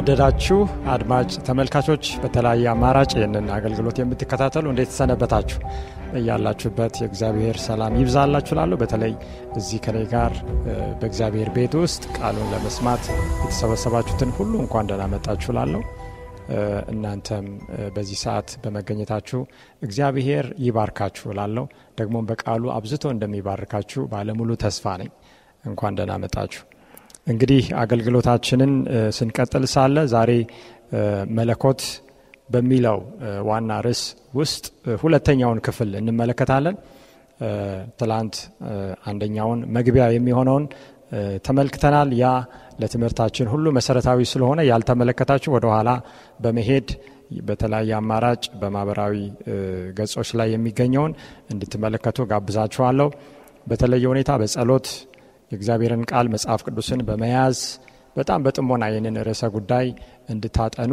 የተወደዳችሁ አድማጭ ተመልካቾች በተለያየ አማራጭ ይህንን አገልግሎት የምትከታተሉ እንዴት ሰነበታችሁ? ያላችሁበት የእግዚአብሔር ሰላም ይብዛላችሁ። ላለሁ በተለይ እዚህ ከኔ ጋር በእግዚአብሔር ቤት ውስጥ ቃሉን ለመስማት የተሰበሰባችሁትን ሁሉ እንኳን ደህና መጣችሁ ላለሁ እናንተም በዚህ ሰዓት በመገኘታችሁ እግዚአብሔር ይባርካችሁ ላለው ደግሞም በቃሉ አብዝቶ እንደሚባርካችሁ ባለሙሉ ተስፋ ነኝ። እንኳን ደህና እንግዲህ አገልግሎታችንን ስንቀጥል ሳለ ዛሬ መለኮት በሚለው ዋና ርዕስ ውስጥ ሁለተኛውን ክፍል እንመለከታለን። ትላንት አንደኛውን መግቢያ የሚሆነውን ተመልክተናል። ያ ለትምህርታችን ሁሉ መሰረታዊ ስለሆነ ያልተመለከታችሁ ወደኋላ በመሄድ በተለያየ አማራጭ በማህበራዊ ገጾች ላይ የሚገኘውን እንድትመለከቱ ጋብዛችኋለሁ። በተለየ ሁኔታ በጸሎት የእግዚአብሔርን ቃል መጽሐፍ ቅዱስን በመያዝ በጣም በጥሞና ይህንን ርዕሰ ጉዳይ እንድታጠኑ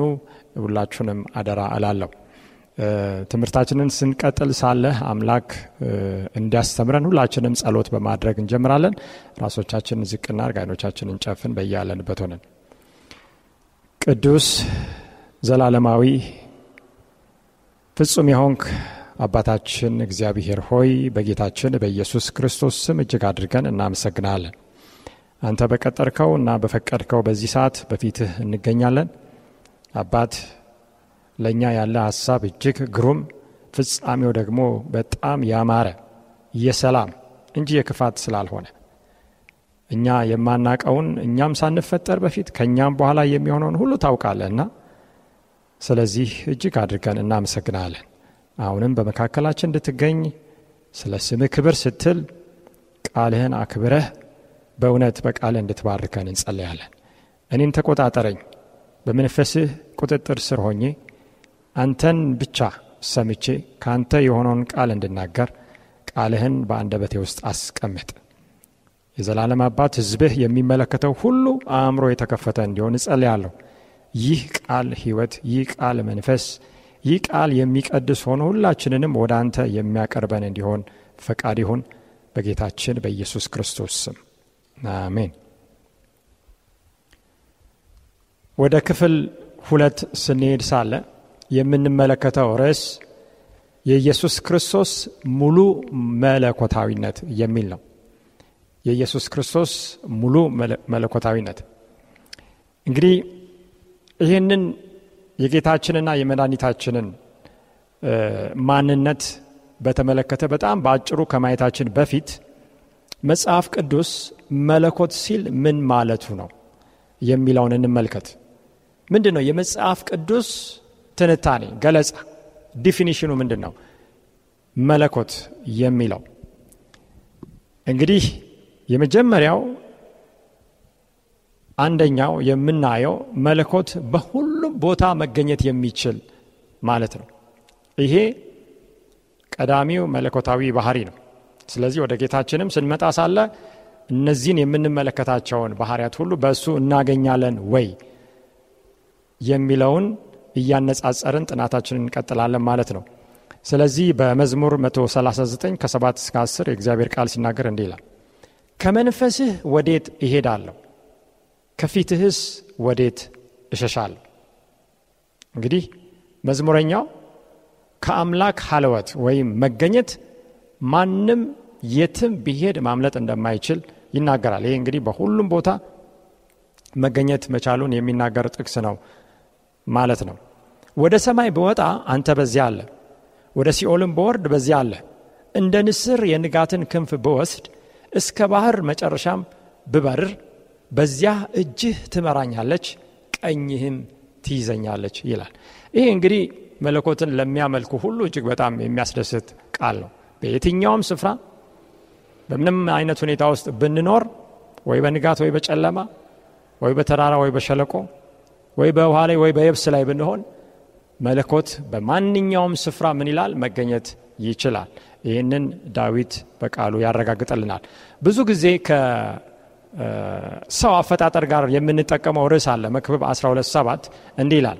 ሁላችሁንም አደራ እላለሁ። ትምህርታችንን ስንቀጥል ሳለ አምላክ እንዲያስተምረን ሁላችንም ጸሎት በማድረግ እንጀምራለን። ራሶቻችንን ዝቅና ርጋይኖቻችን እንጨፍን። በያለንበት ሆነን ቅዱስ ዘላለማዊ ፍጹም የሆንክ አባታችን እግዚአብሔር ሆይ በጌታችን በኢየሱስ ክርስቶስ ስም እጅግ አድርገን እናመሰግናለን። አንተ በቀጠርከው እና በፈቀድከው በዚህ ሰዓት በፊትህ እንገኛለን። አባት ለእኛ ያለ ሀሳብ እጅግ ግሩም፣ ፍጻሜው ደግሞ በጣም ያማረ የሰላም እንጂ የክፋት ስላልሆነ እኛ የማናቀውን እኛም ሳንፈጠር በፊት ከእኛም በኋላ የሚሆነውን ሁሉ ታውቃለህና ስለዚህ እጅግ አድርገን እናመሰግናለን። አሁንም በመካከላችን እንድትገኝ ስለ ስምህ ክብር ስትል ቃልህን አክብረህ በእውነት በቃልህ እንድትባርከን እንጸለያለን። እኔን ተቆጣጠረኝ። በመንፈስህ ቁጥጥር ስር ሆኜ አንተን ብቻ ሰምቼ ከአንተ የሆነውን ቃል እንድናገር ቃልህን በአንደበቴ ውስጥ አስቀምጥ። የዘላለም አባት ህዝብህ የሚመለከተው ሁሉ አእምሮ የተከፈተ እንዲሆን እጸልያለሁ። ይህ ቃል ህይወት ይህ ቃል መንፈስ ይህ ቃል የሚቀድስ ሆኖ ሁላችንንም ወደ አንተ የሚያቀርበን እንዲሆን ፈቃድ ይሁን በጌታችን በኢየሱስ ክርስቶስ ስም አሜን። ወደ ክፍል ሁለት ስንሄድ ሳለ የምንመለከተው ርዕስ የኢየሱስ ክርስቶስ ሙሉ መለኮታዊነት የሚል ነው። የኢየሱስ ክርስቶስ ሙሉ መለኮታዊነት እንግዲህ ይህንን የጌታችንና የመድኃኒታችንን ማንነት በተመለከተ በጣም በአጭሩ ከማየታችን በፊት መጽሐፍ ቅዱስ መለኮት ሲል ምን ማለቱ ነው የሚለውን እንመልከት። ምንድን ነው የመጽሐፍ ቅዱስ ትንታኔ ገለጻ፣ ዲፊኒሽኑ ምንድን ነው? መለኮት የሚለው እንግዲህ የመጀመሪያው አንደኛው የምናየው መለኮት በሁሉም ቦታ መገኘት የሚችል ማለት ነው። ይሄ ቀዳሚው መለኮታዊ ባህሪ ነው። ስለዚህ ወደ ጌታችንም ስንመጣ ሳለ እነዚህን የምንመለከታቸውን ባህሪያት ሁሉ በእሱ እናገኛለን ወይ የሚለውን እያነጻጸርን ጥናታችንን እንቀጥላለን ማለት ነው። ስለዚህ በመዝሙር 139 ከ7 እስከ 10 የእግዚአብሔር ቃል ሲናገር እንዲህ ይላል፣ ከመንፈስህ ወዴት እሄዳለሁ? ከፊትህስ ወዴት እሸሻል እንግዲህ መዝሙረኛው ከአምላክ ሀለወት ወይም መገኘት ማንም የትም ቢሄድ ማምለጥ እንደማይችል ይናገራል። ይሄ እንግዲህ በሁሉም ቦታ መገኘት መቻሉን የሚናገር ጥቅስ ነው ማለት ነው። ወደ ሰማይ ብወጣ አንተ በዚያ አለ፣ ወደ ሲኦልም በወርድ በዚያ አለ። እንደ ንስር የንጋትን ክንፍ ብወስድ፣ እስከ ባህር መጨረሻም ብበርር በዚያ እጅህ ትመራኛለች፣ ቀኝህም ትይዘኛለች ይላል። ይህ እንግዲህ መለኮትን ለሚያመልኩ ሁሉ እጅግ በጣም የሚያስደስት ቃል ነው። በየትኛውም ስፍራ በምንም አይነት ሁኔታ ውስጥ ብንኖር ወይ በንጋት ወይ በጨለማ ወይ በተራራ ወይ በሸለቆ ወይ በውሃ ላይ ወይ በየብስ ላይ ብንሆን መለኮት በማንኛውም ስፍራ ምን ይላል መገኘት ይችላል። ይህንን ዳዊት በቃሉ ያረጋግጥልናል። ብዙ ጊዜ ሰው አፈጣጠር ጋር የምንጠቀመው ርዕስ አለ መክብብ 127 እንዲህ ይላል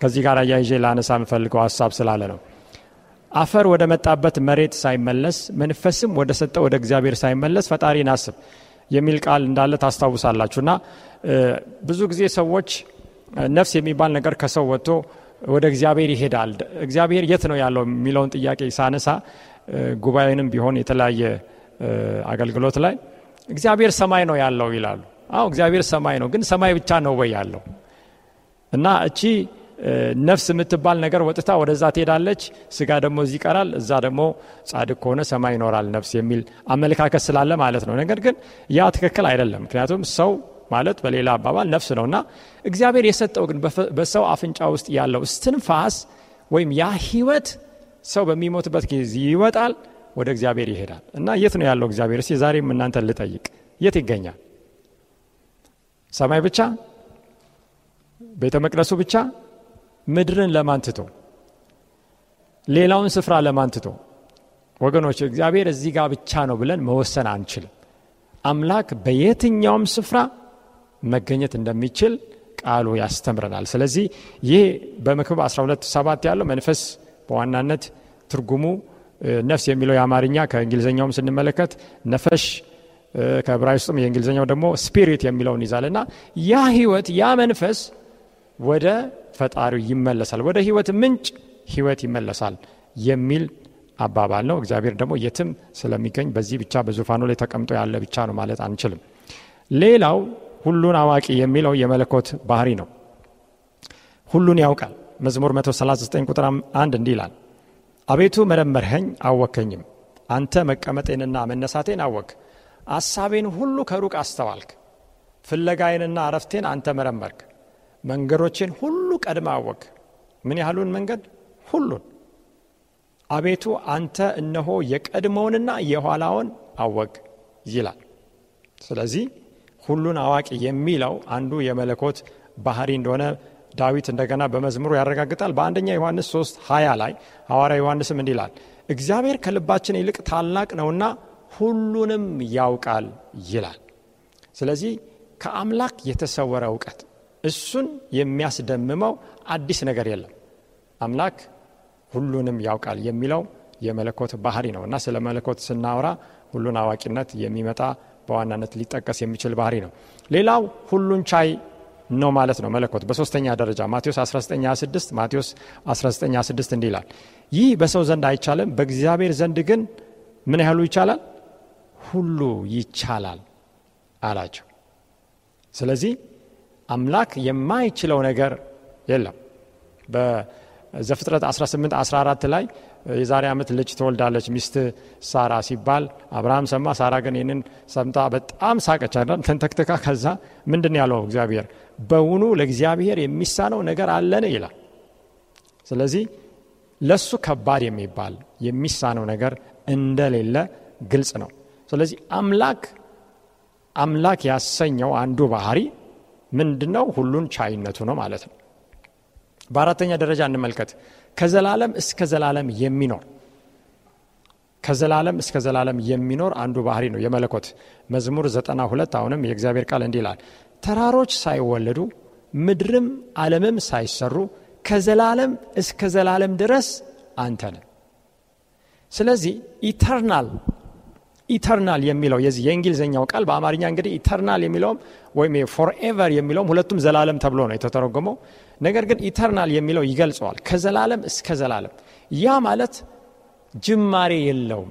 ከዚህ ጋር አያይዤ ላነሳ የምፈልገው ሀሳብ ስላለ ነው አፈር ወደ መጣበት መሬት ሳይመለስ መንፈስም ወደ ሰጠው ወደ እግዚአብሔር ሳይመለስ ፈጣሪን አስብ የሚል ቃል እንዳለ ታስታውሳላችሁ እና ብዙ ጊዜ ሰዎች ነፍስ የሚባል ነገር ከሰው ወጥቶ ወደ እግዚአብሔር ይሄዳል እግዚአብሔር የት ነው ያለው የሚለውን ጥያቄ ሳነሳ ጉባኤንም ቢሆን የተለያየ አገልግሎት ላይ እግዚአብሔር ሰማይ ነው ያለው ይላሉ። አዎ እግዚአብሔር ሰማይ ነው፣ ግን ሰማይ ብቻ ነው ወይ ያለው? እና እቺ ነፍስ የምትባል ነገር ወጥታ ወደዛ ትሄዳለች፣ ስጋ ደግሞ እዚህ ይቀራል። እዛ ደግሞ ጻድቅ ከሆነ ሰማይ ይኖራል ነፍስ የሚል አመለካከት ስላለ ማለት ነው። ነገር ግን ያ ትክክል አይደለም። ምክንያቱም ሰው ማለት በሌላ አባባል ነፍስ እና እግዚአብሔር የሰጠው ግን በሰው አፍንጫ ውስጥ ያለው ስትንፋስ ወይም ያ ህይወት ሰው በሚሞትበት ጊዜ ይወጣል ወደ እግዚአብሔር ይሄዳል እና የት ነው ያለው እግዚአብሔር? እስቲ ዛሬም እናንተ ልጠይቅ፣ የት ይገኛል? ሰማይ ብቻ? ቤተ መቅደሱ ብቻ? ምድርን ለማንትቶ ሌላውን ስፍራ ለማንትቶ ወገኖች እግዚአብሔር እዚህ ጋር ብቻ ነው ብለን መወሰን አንችልም። አምላክ በየትኛውም ስፍራ መገኘት እንደሚችል ቃሉ ያስተምረናል። ስለዚህ ይህ በምክብ 12 ሰባት ያለው መንፈስ በዋናነት ትርጉሙ ነፍስ የሚለው የአማርኛ ከእንግሊዝኛውም ስንመለከት ነፈሽ ውስጥም የእንግሊዝኛው ደግሞ ስፒሪት የሚለውን ይዛል እና ያ ህይወት ያ መንፈስ ወደ ፈጣሪው ይመለሳል፣ ወደ ህይወት ምንጭ ህይወት ይመለሳል የሚል አባባል ነው። እግዚአብሔር ደግሞ የትም ስለሚገኝ በዚህ ብቻ በዙፋኑ ላይ ተቀምጦ ያለ ብቻ ነው ማለት አንችልም። ሌላው ሁሉን አዋቂ የሚለው የመለኮት ባህሪ ነው። ሁሉን ያውቃል። መዝሙር 139 ቁጥር አንድ እንዲህ ይላል አቤቱ መረመርኸኝ አወከኝም። አንተ መቀመጤንና መነሳቴን አወክ። አሳቤን ሁሉ ከሩቅ አስተዋልክ። ፍለጋዬንና አረፍቴን አንተ መረመርክ። መንገዶቼን ሁሉ ቀድመ አወክ። ምን ያህሉን መንገድ ሁሉን። አቤቱ አንተ እነሆ የቀድሞውንና የኋላውን አወክ ይላል። ስለዚህ ሁሉን አዋቂ የሚለው አንዱ የመለኮት ባህሪ እንደሆነ ዳዊት እንደገና በመዝሙሩ ያረጋግጣል። በአንደኛ ዮሐንስ 3 20 ላይ ሐዋርያ ዮሐንስም እንዲህ ይላል እግዚአብሔር ከልባችን ይልቅ ታላቅ ነውና ሁሉንም ያውቃል ይላል። ስለዚህ ከአምላክ የተሰወረ እውቀት እሱን የሚያስደምመው አዲስ ነገር የለም። አምላክ ሁሉንም ያውቃል የሚለው የመለኮት ባህሪ ነው እና ስለ መለኮት ስናወራ ሁሉን አዋቂነት የሚመጣ በዋናነት ሊጠቀስ የሚችል ባህሪ ነው። ሌላው ሁሉን ቻይ ነው ማለት ነው። መለኮት በሶስተኛ ደረጃ ማቴዎስ 1926 ማቴዎስ 1926 እንዲህ ይላል፣ ይህ በሰው ዘንድ አይቻልም፣ በእግዚአብሔር ዘንድ ግን ምን ያህሉ ይቻላል? ሁሉ ይቻላል አላቸው። ስለዚህ አምላክ የማይችለው ነገር የለም። በዘፍጥረት 18 14 ላይ የዛሬ ዓመት ልጅ ትወልዳለች ሚስት ሳራ ሲባል አብርሃም ሰማ። ሳራ ግን ይህንን ሰምታ በጣም ሳቀቻ ተንተክትካ። ከዛ ምንድን ያለው እግዚአብሔር በውኑ ለእግዚአብሔር የሚሳነው ነገር አለን ይላል። ስለዚህ ለሱ ከባድ የሚባል የሚሳነው ነገር እንደሌለ ግልጽ ነው። ስለዚህ አምላክ አምላክ ያሰኘው አንዱ ባህሪ ምንድነው? ሁሉን ቻይነቱ ነው ማለት ነው። በአራተኛ ደረጃ እንመልከት። ከዘላለም እስከ ዘላለም የሚኖር ከዘላለም እስከ ዘላለም የሚኖር አንዱ ባህሪ ነው የመለኮት መዝሙር ዘጠና ሁለት አሁንም የእግዚአብሔር ቃል እንዲህ ይላል ተራሮች ሳይወለዱ ምድርም አለምም ሳይሰሩ ከዘላለም እስከ ዘላለም ድረስ አንተ ነ ስለዚህ ኢተርናል ኢተርናል የሚለው የዚህ የእንግሊዝኛው ቃል በአማርኛ እንግዲህ ኢተርናል የሚለውም ወይም ፎርኤቨር የሚለውም ሁለቱም ዘላለም ተብሎ ነው የተተረጎመው። ነገር ግን ኢተርናል የሚለው ይገልጸዋል፣ ከዘላለም እስከ ዘላለም። ያ ማለት ጅማሬ የለውም።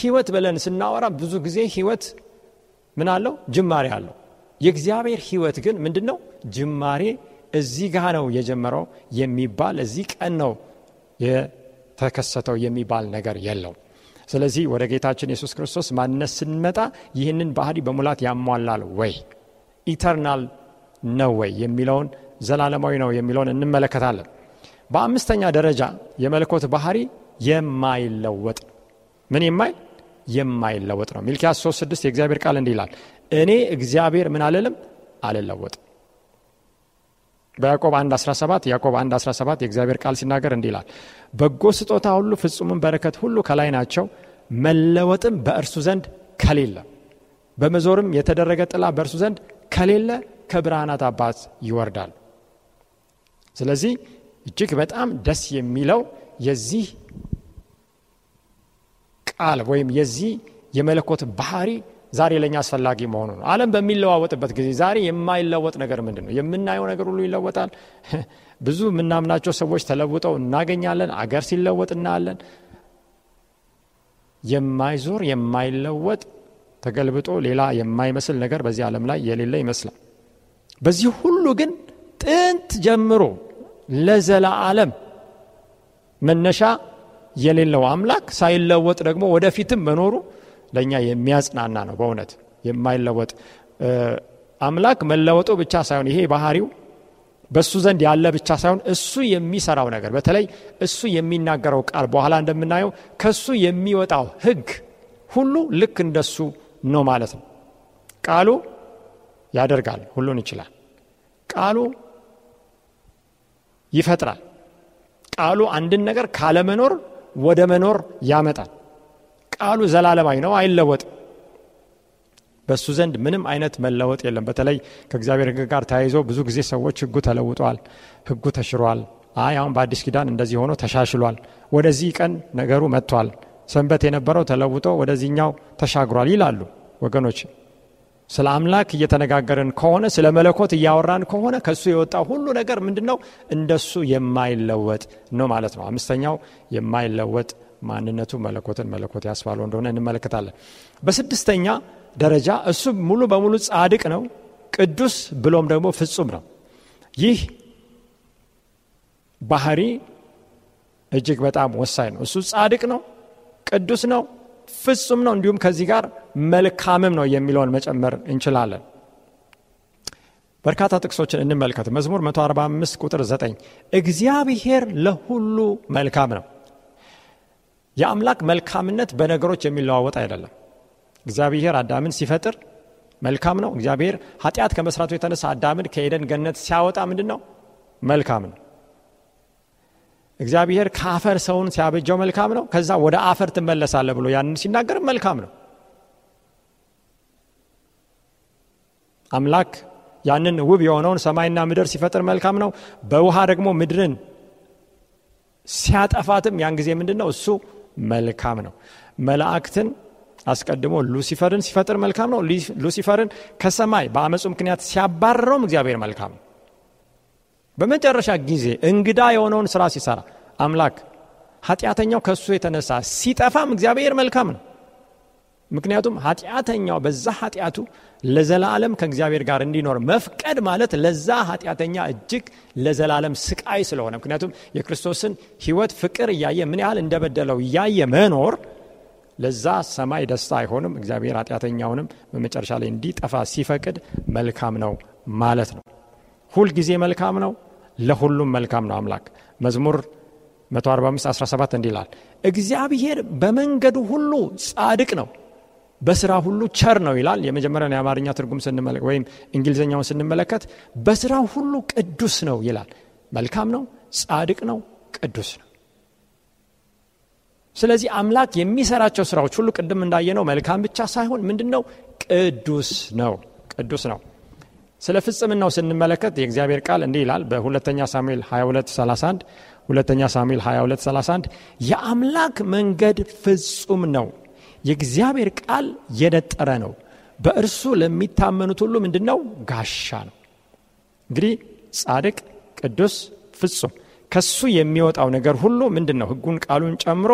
ህይወት ብለን ስናወራ ብዙ ጊዜ ህይወት ምን አለው? ጅማሬ አለው። የእግዚአብሔር ህይወት ግን ምንድን ነው? ጅማሬ እዚህ ጋ ነው የጀመረው የሚባል እዚህ ቀን ነው የተከሰተው የሚባል ነገር የለውም። ስለዚህ ወደ ጌታችን የሱስ ክርስቶስ ማንነት ስንመጣ ይህንን ባህሪ በሙላት ያሟላል ወይ ኢተርናል ነው ወይ የሚለውን ዘላለማዊ ነው የሚለውን እንመለከታለን። በአምስተኛ ደረጃ የመለኮት ባህሪ የማይለወጥ ምን የማይል የማይለወጥ ነው። ሚልኪያስ 3 6 የእግዚአብሔር ቃል እንዲህ ይላል፣ እኔ እግዚአብሔር ምን አልልም አልለወጥም። በያዕቆብ 17 ያዕቆብ 17 የእግዚአብሔር ቃል ሲናገር እንዲህ ይላል፣ በጎ ስጦታ ሁሉ ፍጹምን በረከት ሁሉ ከላይ ናቸው፣ መለወጥም በእርሱ ዘንድ ከሌለ በመዞርም የተደረገ ጥላ በእርሱ ዘንድ ከሌለ ከብርሃናት አባት ይወርዳል። ስለዚህ እጅግ በጣም ደስ የሚለው የዚህ ቃል ወይም የዚህ የመለኮት ባህሪ ዛሬ ለእኛ አስፈላጊ መሆኑ ነው። አለም በሚለዋወጥበት ጊዜ ዛሬ የማይለወጥ ነገር ምንድን ነው? የምናየው ነገር ሁሉ ይለወጣል። ብዙ የምናምናቸው ሰዎች ተለውጠው እናገኛለን። አገር ሲለወጥ እናያለን። የማይዞር የማይለወጥ ተገልብጦ ሌላ የማይመስል ነገር በዚህ ዓለም ላይ የሌለ ይመስላል። በዚህ ሁሉ ግን ጥንት ጀምሮ ለዘላለም መነሻ የሌለው አምላክ ሳይለወጥ ደግሞ ወደፊትም መኖሩ ለእኛ የሚያጽናና ነው። በእውነት የማይለወጥ አምላክ መለወጡ ብቻ ሳይሆን ይሄ ባህሪው በእሱ ዘንድ ያለ ብቻ ሳይሆን እሱ የሚሰራው ነገር በተለይ እሱ የሚናገረው ቃል በኋላ እንደምናየው ከሱ የሚወጣው ህግ ሁሉ ልክ እንደሱ ነው ማለት ነው። ቃሉ ያደርጋል፣ ሁሉን ይችላል። ቃሉ ይፈጥራል። ቃሉ አንድን ነገር ካለመኖር ወደ መኖር ያመጣል። ቃሉ ዘላለማዊ ነው፣ አይለወጥም። በእሱ ዘንድ ምንም አይነት መለወጥ የለም። በተለይ ከእግዚአብሔር ህግ ጋር ተያይዞ ብዙ ጊዜ ሰዎች ህጉ ተለውጧል፣ ህጉ ተሽሯል፣ አይ አሁን በአዲስ ኪዳን እንደዚህ ሆኖ ተሻሽሏል፣ ወደዚህ ቀን ነገሩ መጥቷል፣ ሰንበት የነበረው ተለውጦ ወደዚህኛው ተሻግሯል ይላሉ። ወገኖች ስለ አምላክ እየተነጋገርን ከሆነ ስለ መለኮት እያወራን ከሆነ ከእሱ የወጣው ሁሉ ነገር ምንድን ነው? እንደሱ የማይለወጥ ነው ማለት ነው። አምስተኛው የማይለወጥ ማንነቱ መለኮትን መለኮት ያስባለው እንደሆነ እንመለከታለን። በስድስተኛ ደረጃ እሱ ሙሉ በሙሉ ጻድቅ ነው፣ ቅዱስ ብሎም ደግሞ ፍጹም ነው። ይህ ባህሪ እጅግ በጣም ወሳኝ ነው። እሱ ጻድቅ ነው፣ ቅዱስ ነው፣ ፍጹም ነው፣ እንዲሁም ከዚህ ጋር መልካምም ነው የሚለውን መጨመር እንችላለን። በርካታ ጥቅሶችን እንመልከት። መዝሙር 145 ቁጥር 9 እግዚአብሔር ለሁሉ መልካም ነው የአምላክ መልካምነት በነገሮች የሚለዋወጥ አይደለም። እግዚአብሔር አዳምን ሲፈጥር መልካም ነው። እግዚአብሔር ኃጢአት ከመስራቱ የተነሳ አዳምን ከኤደን ገነት ሲያወጣ ምንድን ነው? መልካም ነው። እግዚአብሔር ከአፈር ሰውን ሲያበጀው መልካም ነው። ከዛ ወደ አፈር ትመለሳለ ብሎ ያንን ሲናገርም መልካም ነው። አምላክ ያንን ውብ የሆነውን ሰማይና ምድር ሲፈጥር መልካም ነው። በውሃ ደግሞ ምድርን ሲያጠፋትም ያን ጊዜ ምንድን ነው እሱ መልካም ነው። መላእክትን አስቀድሞ ሉሲፈርን ሲፈጥር መልካም ነው። ሉሲፈርን ከሰማይ በአመፁ ምክንያት ሲያባረረውም እግዚአብሔር መልካም ነው። በመጨረሻ ጊዜ እንግዳ የሆነውን ስራ ሲሰራ አምላክ ኃጢአተኛው ከእሱ የተነሳ ሲጠፋም እግዚአብሔር መልካም ነው። ምክንያቱም ኃጢአተኛው በዛ ኃጢአቱ ለዘላለም ከእግዚአብሔር ጋር እንዲኖር መፍቀድ ማለት ለዛ ኃጢአተኛ እጅግ ለዘላለም ስቃይ ስለሆነ፣ ምክንያቱም የክርስቶስን ህይወት ፍቅር እያየ ምን ያህል እንደበደለው እያየ መኖር ለዛ ሰማይ ደስታ አይሆንም። እግዚአብሔር ኃጢአተኛውንም በመጨረሻ ላይ እንዲጠፋ ሲፈቅድ መልካም ነው ማለት ነው። ሁልጊዜ መልካም ነው፣ ለሁሉም መልካም ነው አምላክ መዝሙር 145 17 እንዲላል እግዚአብሔር በመንገዱ ሁሉ ጻድቅ ነው በስራ ሁሉ ቸር ነው ይላል። የመጀመሪያውን የአማርኛ ትርጉም ስንመለከት ወይም እንግሊዝኛውን ስንመለከት በስራ ሁሉ ቅዱስ ነው ይላል። መልካም ነው፣ ጻድቅ ነው፣ ቅዱስ ነው። ስለዚህ አምላክ የሚሰራቸው ስራዎች ሁሉ ቅድም እንዳየነው መልካም ብቻ ሳይሆን ምንድን ነው? ቅዱስ ነው፣ ቅዱስ ነው። ስለ ፍጽምናው ስንመለከት የእግዚአብሔር ቃል እንዲህ ይላል በሁለተኛ ሳሙኤል 2231 ሁለተኛ ሳሙኤል 22 31 የአምላክ መንገድ ፍጹም ነው የእግዚአብሔር ቃል የነጠረ ነው። በእርሱ ለሚታመኑት ሁሉ ምንድን ነው? ጋሻ ነው። እንግዲህ ጻድቅ፣ ቅዱስ፣ ፍጹም ከሱ የሚወጣው ነገር ሁሉ ምንድን ነው? ህጉን ቃሉን ጨምሮ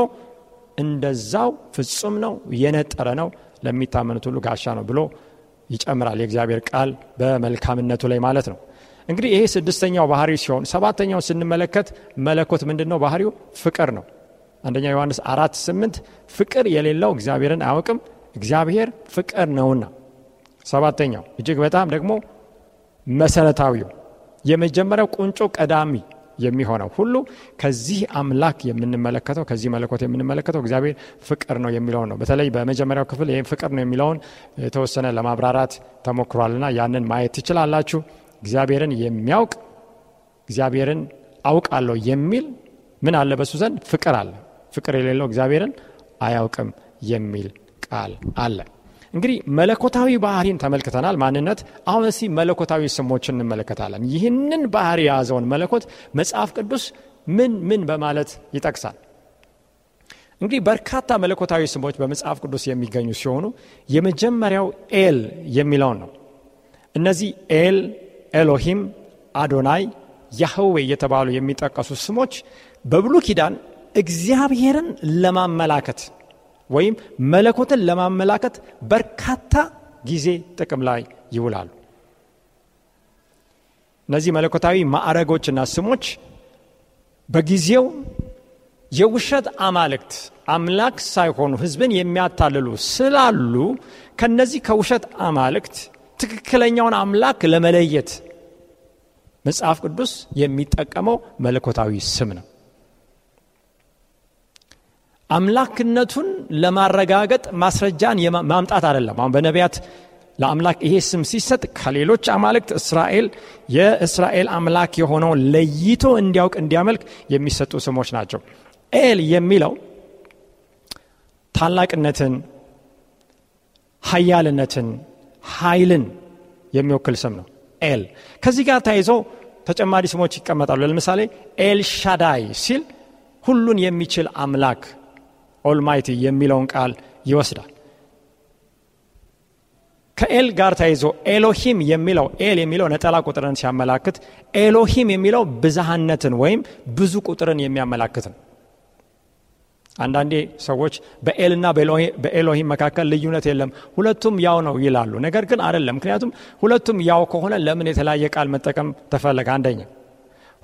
እንደዛው ፍጹም ነው፣ የነጠረ ነው፣ ለሚታመኑት ሁሉ ጋሻ ነው ብሎ ይጨምራል። የእግዚአብሔር ቃል በመልካምነቱ ላይ ማለት ነው። እንግዲህ ይሄ ስድስተኛው ባህሪው ሲሆን ሰባተኛውን ስንመለከት መለኮት ምንድን ነው? ባህሪው ፍቅር ነው። አንደኛ ዮሐንስ አራት ስምንት ፍቅር የሌለው እግዚአብሔርን አያውቅም እግዚአብሔር ፍቅር ነውና። ሰባተኛው እጅግ በጣም ደግሞ መሰረታዊው የመጀመሪያው ቁንጮ ቀዳሚ የሚሆነው ሁሉ ከዚህ አምላክ የምንመለከተው ከዚህ መለኮት የምንመለከተው እግዚአብሔር ፍቅር ነው የሚለውን ነው። በተለይ በመጀመሪያው ክፍል ይህም ፍቅር ነው የሚለውን የተወሰነ ለማብራራት ተሞክሯልና ያንን ማየት ትችላላችሁ። እግዚአብሔርን የሚያውቅ እግዚአብሔርን አውቃለሁ የሚል ምን አለ? በሱ ዘንድ ፍቅር አለ። ፍቅር የሌለው እግዚአብሔርን አያውቅም የሚል ቃል አለ። እንግዲህ መለኮታዊ ባህሪን ተመልክተናል፣ ማንነት። አሁን እስቲ መለኮታዊ ስሞችን እንመለከታለን። ይህንን ባህር የያዘውን መለኮት መጽሐፍ ቅዱስ ምን ምን በማለት ይጠቅሳል? እንግዲህ በርካታ መለኮታዊ ስሞች በመጽሐፍ ቅዱስ የሚገኙ ሲሆኑ የመጀመሪያው ኤል የሚለውን ነው። እነዚህ ኤል፣ ኤሎሂም፣ አዶናይ፣ ያህዌ እየተባሉ የሚጠቀሱ ስሞች በብሉ ኪዳን እግዚአብሔርን ለማመላከት ወይም መለኮትን ለማመላከት በርካታ ጊዜ ጥቅም ላይ ይውላሉ። እነዚህ መለኮታዊ ማዕረጎችና ስሞች በጊዜው የውሸት አማልክት አምላክ ሳይሆኑ ህዝብን የሚያታልሉ ስላሉ ከነዚህ ከውሸት አማልክት ትክክለኛውን አምላክ ለመለየት መጽሐፍ ቅዱስ የሚጠቀመው መለኮታዊ ስም ነው። አምላክነቱን ለማረጋገጥ ማስረጃን ማምጣት አይደለም። አሁን በነቢያት ለአምላክ ይሄ ስም ሲሰጥ ከሌሎች አማልክት እስራኤል የእስራኤል አምላክ የሆነው ለይቶ እንዲያውቅ እንዲያመልክ የሚሰጡ ስሞች ናቸው። ኤል የሚለው ታላቅነትን፣ ሀያልነትን ኃይልን የሚወክል ስም ነው። ኤል ከዚህ ጋር ተያይዞ ተጨማሪ ስሞች ይቀመጣሉ። ለምሳሌ ኤል ሻዳይ ሲል ሁሉን የሚችል አምላክ ኦልማይቲ የሚለውን ቃል ይወስዳል። ከኤል ጋር ተይዞ ኤሎሂም የሚለው ኤል የሚለው ነጠላ ቁጥርን ሲያመላክት ኤሎሂም የሚለው ብዝሃነትን ወይም ብዙ ቁጥርን የሚያመላክት ነው። አንዳንዴ ሰዎች በኤልና በኤሎሂም መካከል ልዩነት የለም ሁለቱም ያው ነው ይላሉ። ነገር ግን አይደለም። ምክንያቱም ሁለቱም ያው ከሆነ ለምን የተለያየ ቃል መጠቀም ተፈለገ? አንደኛ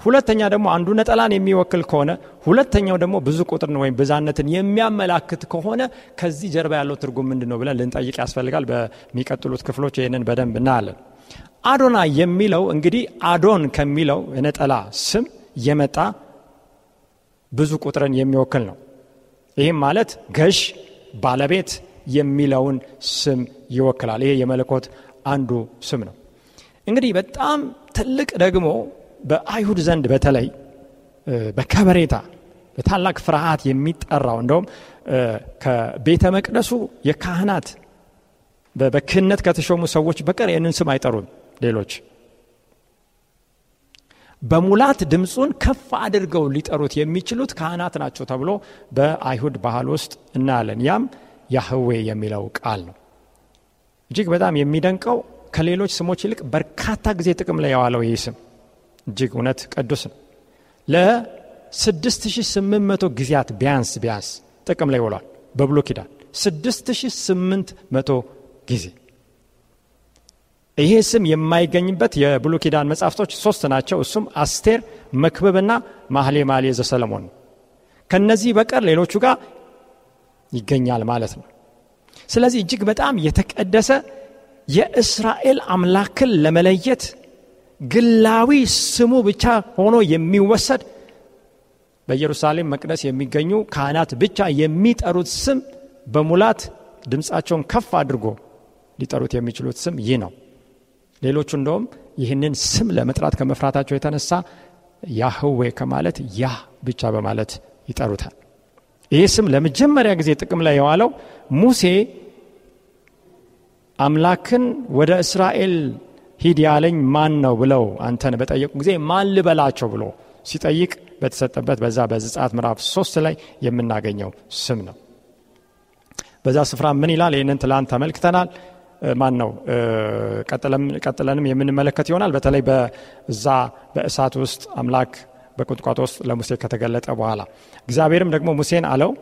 ሁለተኛ ደግሞ አንዱ ነጠላን የሚወክል ከሆነ ሁለተኛው ደግሞ ብዙ ቁጥርን ወይም ብዛነትን የሚያመላክት ከሆነ ከዚህ ጀርባ ያለው ትርጉም ምንድን ነው ብለን ልንጠይቅ ያስፈልጋል። በሚቀጥሉት ክፍሎች ይህንን በደንብ እናያለን። አዶና የሚለው እንግዲህ አዶን ከሚለው የነጠላ ስም የመጣ ብዙ ቁጥርን የሚወክል ነው። ይህም ማለት ገሽ ባለቤት የሚለውን ስም ይወክላል። ይሄ የመለኮት አንዱ ስም ነው። እንግዲህ በጣም ትልቅ ደግሞ በአይሁድ ዘንድ በተለይ በከበሬታ በታላቅ ፍርሃት የሚጠራው እንደውም ከቤተ መቅደሱ የካህናት በክህነት ከተሾሙ ሰዎች በቀር ይህንን ስም አይጠሩም። ሌሎች በሙላት ድምፁን ከፍ አድርገው ሊጠሩት የሚችሉት ካህናት ናቸው ተብሎ በአይሁድ ባህል ውስጥ እናያለን። ያም ያህዌ የሚለው ቃል ነው። እጅግ በጣም የሚደንቀው ከሌሎች ስሞች ይልቅ በርካታ ጊዜ ጥቅም ላይ የዋለው ይህ ስም እጅግ እውነት ቅዱስ ነው። ለ6800 ጊዜያት ቢያንስ ቢያንስ ጥቅም ላይ ውሏል። በብሎ ኪዳን 6800 ጊዜ ይሄ ስም የማይገኝበት የብሉ ኪዳን መጻሕፍቶች ሶስት ናቸው። እሱም አስቴር፣ መክብብና ማህሌ ማሌ ዘሰለሞን ነው። ከነዚህ በቀር ሌሎቹ ጋር ይገኛል ማለት ነው። ስለዚህ እጅግ በጣም የተቀደሰ የእስራኤል አምላክን ለመለየት ግላዊ ስሙ ብቻ ሆኖ የሚወሰድ በኢየሩሳሌም መቅደስ የሚገኙ ካህናት ብቻ የሚጠሩት ስም በሙላት ድምፃቸውን ከፍ አድርጎ ሊጠሩት የሚችሉት ስም ይህ ነው። ሌሎቹ እንደውም ይህንን ስም ለመጥራት ከመፍራታቸው የተነሳ ያህዌ ከማለት ያህ ብቻ በማለት ይጠሩታል። ይህ ስም ለመጀመሪያ ጊዜ ጥቅም ላይ የዋለው ሙሴ አምላክን ወደ እስራኤል ሂድ ያለኝ ማን ነው ብለው አንተን በጠየቁ ጊዜ ማን ልበላቸው ብሎ ሲጠይቅ በተሰጠበት በዛ በዝጻት ምዕራፍ ሶስት ላይ የምናገኘው ስም ነው። በዛ ስፍራ ምን ይላል? ይህንን ትላንት ተመልክተናል። ማን ነው ቀጥለንም የምንመለከት ይሆናል። በተለይ በዛ በእሳት ውስጥ አምላክ በቁጥቋጦ ውስጥ ለሙሴ ከተገለጠ በኋላ እግዚአብሔርም ደግሞ ሙሴን አለው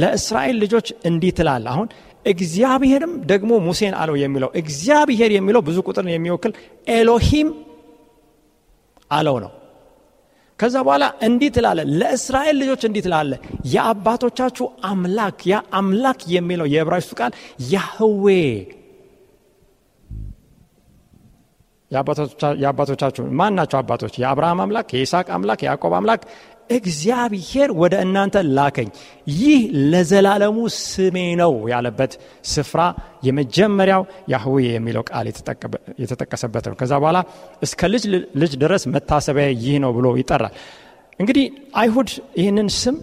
ለእስራኤል ልጆች እንዲህ ትላል አሁን እግዚአብሔርም ደግሞ ሙሴን አለው የሚለው እግዚአብሔር የሚለው ብዙ ቁጥርን የሚወክል ኤሎሂም አለው ነው። ከዛ በኋላ እንዲህ ትላለ፣ ለእስራኤል ልጆች እንዲህ ትላለ፣ የአባቶቻችሁ አምላክ ያ አምላክ የሚለው የዕብራይስቱ ቃል ያህዌ የአባቶቻችሁ ማን ናቸው? አባቶች የአብርሃም አምላክ፣ የይስቅ አምላክ፣ የያዕቆብ አምላክ እግዚአብሔር ወደ እናንተ ላከኝ፣ ይህ ለዘላለሙ ስሜ ነው ያለበት ስፍራ የመጀመሪያው ያህዌ የሚለው ቃል የተጠቀሰበት ነው። ከዛ በኋላ እስከ ልጅ ልጅ ድረስ መታሰቢያ ይህ ነው ብሎ ይጠራል። እንግዲህ አይሁድ ይህንን ስም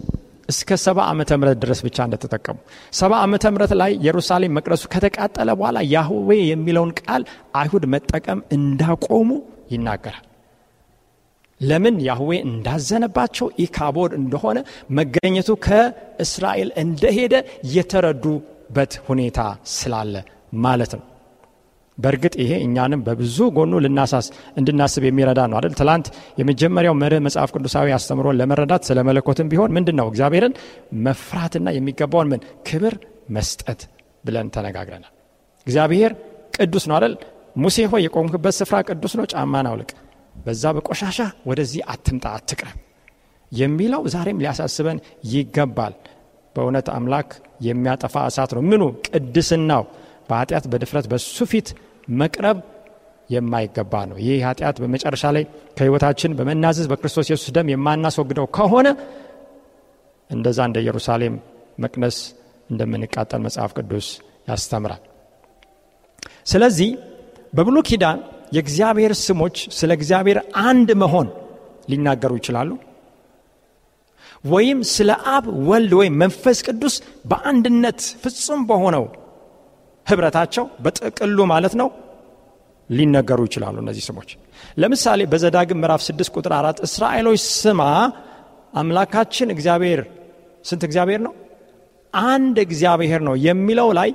እስከ ሰባ ዓመተ ምረት ድረስ ብቻ እንደተጠቀሙ ሰባ ዓመተ ምረት ላይ ኢየሩሳሌም መቅደሱ ከተቃጠለ በኋላ ያህዌ የሚለውን ቃል አይሁድ መጠቀም እንዳቆሙ ይናገራል። ለምን ያህዌ እንዳዘነባቸው ኢካቦድ እንደሆነ መገኘቱ ከእስራኤል እንደሄደ የተረዱበት ሁኔታ ስላለ ማለት ነው። በእርግጥ ይሄ እኛንም በብዙ ጎኑ ልናሳስ እንድናስብ የሚረዳ ነው አይደል? ትላንት የመጀመሪያው መርህ መጽሐፍ ቅዱሳዊ አስተምሮን ለመረዳት ስለ መለኮትም ቢሆን ምንድን ነው እግዚአብሔርን መፍራትና የሚገባውን ምን ክብር መስጠት ብለን ተነጋግረናል። እግዚአብሔር ቅዱስ ነው አይደል? ሙሴ ሆይ የቆምክበት ስፍራ ቅዱስ ነው፣ ጫማን አውልቅ በዛ በቆሻሻ ወደዚህ አትምጣ አትቅረብ የሚለው ዛሬም ሊያሳስበን ይገባል። በእውነት አምላክ የሚያጠፋ እሳት ነው። ምኑ ቅድስናው በኃጢአት በድፍረት በሱ ፊት መቅረብ የማይገባ ነው። ይህ ኃጢአት በመጨረሻ ላይ ከህይወታችን በመናዘዝ በክርስቶስ ኢየሱስ ደም የማናስወግደው ከሆነ እንደዛ እንደ ኢየሩሳሌም መቅነስ እንደምንቃጠል መጽሐፍ ቅዱስ ያስተምራል። ስለዚህ በብሉ ኪዳን የእግዚአብሔር ስሞች ስለ እግዚአብሔር አንድ መሆን ሊናገሩ ይችላሉ ወይም ስለ አብ ወልድ ወይም መንፈስ ቅዱስ በአንድነት ፍጹም በሆነው ህብረታቸው በጥቅሉ ማለት ነው ሊነገሩ ይችላሉ እነዚህ ስሞች ለምሳሌ በዘዳግም ምዕራፍ 6 ቁጥር 4 እስራኤሎች ስማ አምላካችን እግዚአብሔር ስንት እግዚአብሔር ነው አንድ እግዚአብሔር ነው የሚለው ላይ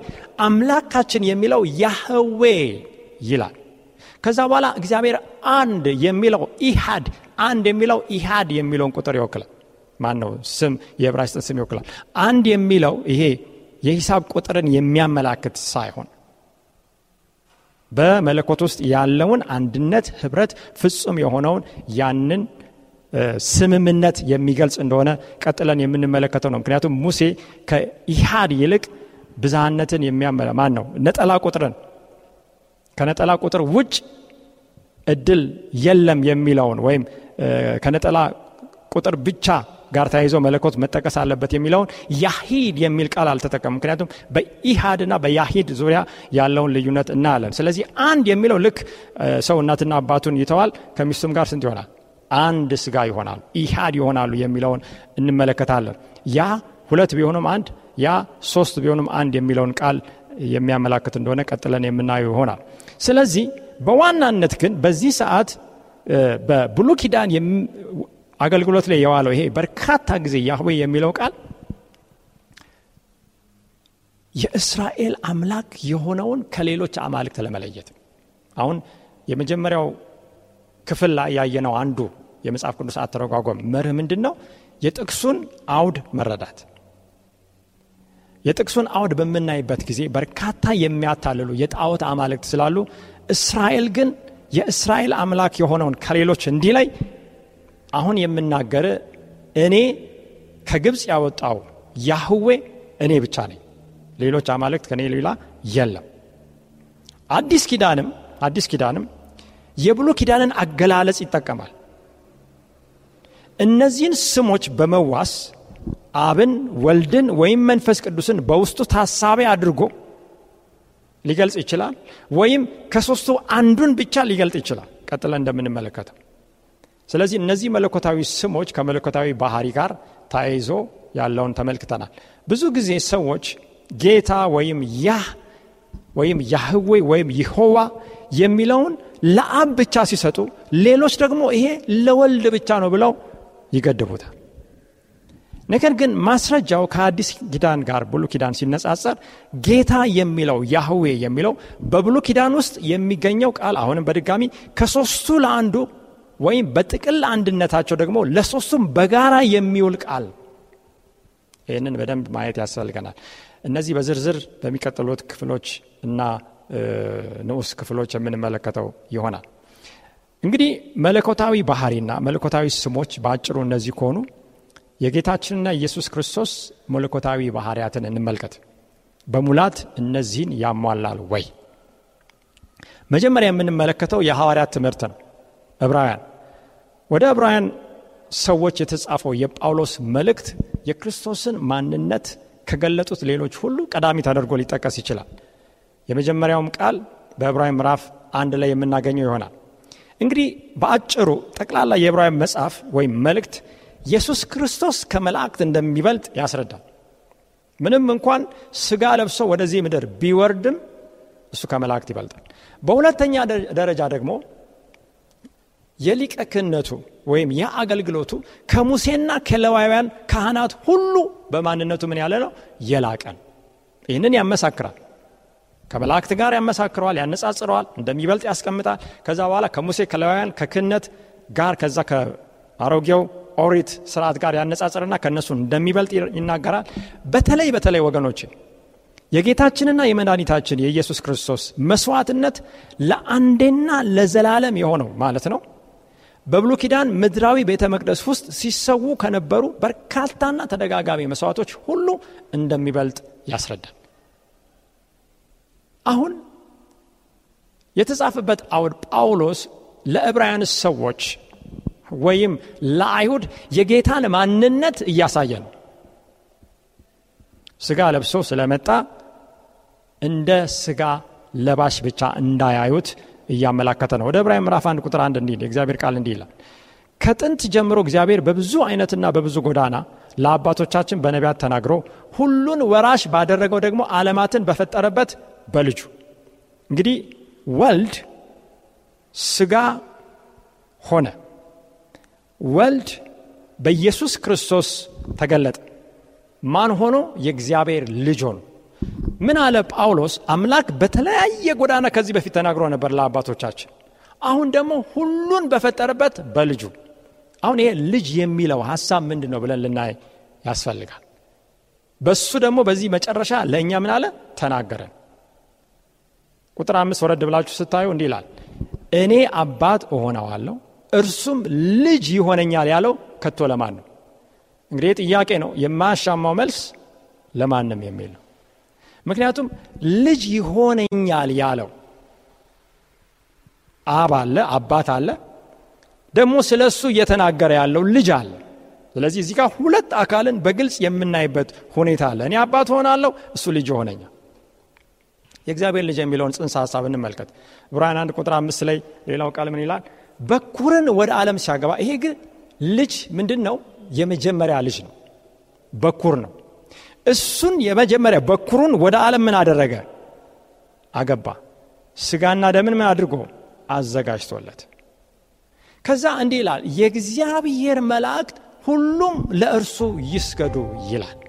አምላካችን የሚለው ያህዌ ይላል ከዛ በኋላ እግዚአብሔር አንድ የሚለው ኢሃድ አንድ የሚለው ኢሃድ የሚለውን ቁጥር ይወክላል ማን ነው ስም የዕብራይስጥን ስም ይወክላል አንድ የሚለው ይሄ የሂሳብ ቁጥርን የሚያመላክት ሳይሆን በመለኮት ውስጥ ያለውን አንድነት ህብረት ፍጹም የሆነውን ያንን ስምምነት የሚገልጽ እንደሆነ ቀጥለን የምንመለከተው ነው ምክንያቱም ሙሴ ከኢሃድ ይልቅ ብዝሃነትን የሚያመለ ማን ነው ነጠላ ቁጥርን ከነጠላ ቁጥር ውጭ እድል የለም የሚለውን ወይም ከነጠላ ቁጥር ብቻ ጋር ተያይዞ መለኮት መጠቀስ አለበት የሚለውን ያሂድ የሚል ቃል አልተጠቀም ምክንያቱም ና በያሂድ ዙሪያ ያለውን ልዩነት እናያለን። ስለዚህ አንድ የሚለው ልክ ሰው እናትና አባቱን ይተዋል ከሚስቱም ጋር ስንት ይሆናል? አንድ ስጋ ይሆናሉ፣ ኢሃድ ይሆናሉ የሚለውን እንመለከታለን። ያ ሁለት ቢሆኑም አንድ፣ ያ ሶስት ቢሆኑም አንድ የሚለውን ቃል የሚያመላክት እንደሆነ ቀጥለን የምናየው ይሆናል። ስለዚህ በዋናነት ግን በዚህ ሰዓት በብሉ ኪዳን አገልግሎት ላይ የዋለው ይሄ በርካታ ጊዜ ያህዌ የሚለው ቃል የእስራኤል አምላክ የሆነውን ከሌሎች አማልክት ለመለየት አሁን የመጀመሪያው ክፍል ላይ ያየነው አንዱ የመጽሐፍ ቅዱስ አተረጓጓም መርህ ምንድን ነው? የጥቅሱን አውድ መረዳት የጥቅሱን አውድ በምናይበት ጊዜ በርካታ የሚያታልሉ የጣዖት አማልክት ስላሉ እስራኤል ግን የእስራኤል አምላክ የሆነውን ከሌሎች እንዲህ ላይ አሁን የምናገር እኔ ከግብፅ ያወጣው ያህዌ እኔ ብቻ ነኝ፣ ሌሎች አማልክት ከኔ ሌላ የለም። አዲስ ኪዳንም አዲስ ኪዳንም የብሎ ኪዳንን አገላለጽ ይጠቀማል። እነዚህን ስሞች በመዋስ አብን ወልድን ወይም መንፈስ ቅዱስን በውስጡ ታሳቢ አድርጎ ሊገልጽ ይችላል ወይም ከሶስቱ አንዱን ብቻ ሊገልጥ ይችላል ቀጥለ እንደምንመለከተው ስለዚህ እነዚህ መለኮታዊ ስሞች ከመለኮታዊ ባህሪ ጋር ተያይዞ ያለውን ተመልክተናል ብዙ ጊዜ ሰዎች ጌታ ወይም ያህ ወይም ያህዌ ወይም ይሆዋ የሚለውን ለአብ ብቻ ሲሰጡ ሌሎች ደግሞ ይሄ ለወልድ ብቻ ነው ብለው ይገድቡታል ነገር ግን ማስረጃው ከአዲስ ኪዳን ጋር ብሉ ኪዳን ሲነጻጸር ጌታ የሚለው ያህዌ የሚለው በብሉ ኪዳን ውስጥ የሚገኘው ቃል አሁንም በድጋሚ ከሶስቱ ለአንዱ ወይም በጥቅል አንድነታቸው ደግሞ ለሶስቱም በጋራ የሚውል ቃል ይህንን በደንብ ማየት ያስፈልገናል። እነዚህ በዝርዝር በሚቀጥሉት ክፍሎች እና ንዑስ ክፍሎች የምንመለከተው ይሆናል። እንግዲህ መለኮታዊ ባህሪና መለኮታዊ ስሞች በአጭሩ እነዚህ ከሆኑ የጌታችንና ኢየሱስ ክርስቶስ መለኮታዊ ባህርያትን እንመልከት። በሙላት እነዚህን ያሟላል ወይ? መጀመሪያ የምንመለከተው የሐዋርያት ትምህርት ነው። ዕብራውያን ወደ ዕብራውያን ሰዎች የተጻፈው የጳውሎስ መልእክት የክርስቶስን ማንነት ከገለጡት ሌሎች ሁሉ ቀዳሚ ተደርጎ ሊጠቀስ ይችላል። የመጀመሪያውም ቃል በዕብራዊ ምዕራፍ አንድ ላይ የምናገኘው ይሆናል። እንግዲህ በአጭሩ ጠቅላላ የዕብራዊ መጽሐፍ ወይም መልእክት ኢየሱስ ክርስቶስ ከመላእክት እንደሚበልጥ ያስረዳል። ምንም እንኳን ስጋ ለብሶ ወደዚህ ምድር ቢወርድም እሱ ከመላእክት ይበልጣል። በሁለተኛ ደረጃ ደግሞ የሊቀ ክህነቱ ወይም የአገልግሎቱ ከሙሴና ከለዋውያን ካህናት ሁሉ በማንነቱ ምን ያለ ነው? የላቀን ይህንን ያመሳክራል። ከመላእክት ጋር ያመሳክረዋል፣ ያነጻጽረዋል፣ እንደሚበልጥ ያስቀምጣል። ከዛ በኋላ ከሙሴ ከለዋውያን ከክህነት ጋር ከዛ ከአሮጌው ኦሪት ስርዓት ጋር ያነጻጽርና ከእነሱ እንደሚበልጥ ይናገራል። በተለይ በተለይ ወገኖች የጌታችንና የመድኃኒታችን የኢየሱስ ክርስቶስ መስዋዕትነት ለአንዴና ለዘላለም የሆነው ማለት ነው በብሉ ኪዳን ምድራዊ ቤተ መቅደስ ውስጥ ሲሰዉ ከነበሩ በርካታና ተደጋጋሚ መስዋዕቶች ሁሉ እንደሚበልጥ ያስረዳል። አሁን የተጻፈበት አውድ ጳውሎስ ለዕብራውያን ሰዎች ወይም ለአይሁድ የጌታን ማንነት እያሳየ ነው። ስጋ ለብሶ ስለመጣ እንደ ስጋ ለባሽ ብቻ እንዳያዩት እያመላከተ ነው። ወደ ብራይ ምራፍ አንድ ቁጥር አንድ እንዲል የእግዚአብሔር ቃል እንዲህ ይላል ከጥንት ጀምሮ እግዚአብሔር በብዙ አይነትና በብዙ ጎዳና ለአባቶቻችን በነቢያት ተናግሮ ሁሉን ወራሽ ባደረገው ደግሞ አለማትን በፈጠረበት በልጁ እንግዲህ ወልድ ስጋ ሆነ ወልድ በኢየሱስ ክርስቶስ ተገለጠ። ማን ሆኖ? የእግዚአብሔር ልጅ ሆኖ። ምን አለ ጳውሎስ? አምላክ በተለያየ ጎዳና ከዚህ በፊት ተናግሮ ነበር ለአባቶቻችን። አሁን ደግሞ ሁሉን በፈጠረበት በልጁ። አሁን ይሄ ልጅ የሚለው ሀሳብ ምንድን ነው ብለን ልናይ ያስፈልጋል። በሱ ደግሞ በዚህ መጨረሻ ለእኛ ምን አለ ተናገረን። ቁጥር አምስት ወረድ ብላችሁ ስታዩ እንዲህ ይላል፣ እኔ አባት እሆነዋለሁ እርሱም ልጅ ይሆነኛል ያለው ከቶ ለማን ነው? እንግዲህ ጥያቄ ነው። የማያሻማው መልስ ለማንም የሚል ነው። ምክንያቱም ልጅ ይሆነኛል ያለው አብ አለ፣ አባት አለ፣ ደግሞ ስለ እሱ እየተናገረ ያለው ልጅ አለ። ስለዚህ እዚህ ጋር ሁለት አካልን በግልጽ የምናይበት ሁኔታ አለ። እኔ አባት ሆናለሁ፣ እሱ ልጅ ሆነኛ የእግዚአብሔር ልጅ የሚለውን ጽንሰ ሀሳብ እንመልከት። ብራን አንድ ቁጥር አምስት ላይ ሌላው ቃል ምን ይላል? በኩርን ወደ ዓለም ሲያገባ ይሄ ግን ልጅ ምንድን ነው? የመጀመሪያ ልጅ ነው፣ በኩር ነው። እሱን የመጀመሪያ በኩሩን ወደ ዓለም ምን አደረገ? አገባ። ስጋና ደምን ምን አድርጎ አዘጋጅቶለት። ከዛ እንዲህ ይላል የእግዚአብሔር መላእክት ሁሉም ለእርሱ ይስገዱ ይላል።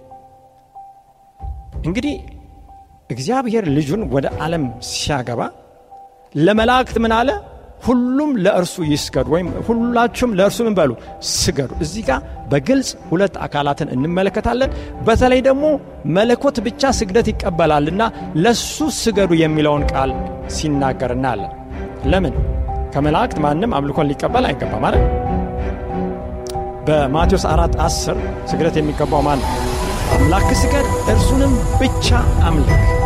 እንግዲህ እግዚአብሔር ልጁን ወደ ዓለም ሲያገባ ለመላእክት ምን አለ? ሁሉም ለእርሱ ይስገዱ ወይም ሁላችሁም ለእርሱ ምን በሉ ስገዱ። እዚህ ጋር በግልጽ ሁለት አካላትን እንመለከታለን። በተለይ ደግሞ መለኮት ብቻ ስግደት ይቀበላልና ለሱ ስገዱ የሚለውን ቃል ሲናገር እናያለን። ለምን ከመላእክት ማንም አምልኮን ሊቀበል አይገባ ማለት በማቴዎስ 4 10 ስግደት የሚገባው ማን አምላክ ስገድ፣ እርሱንም ብቻ አምልክ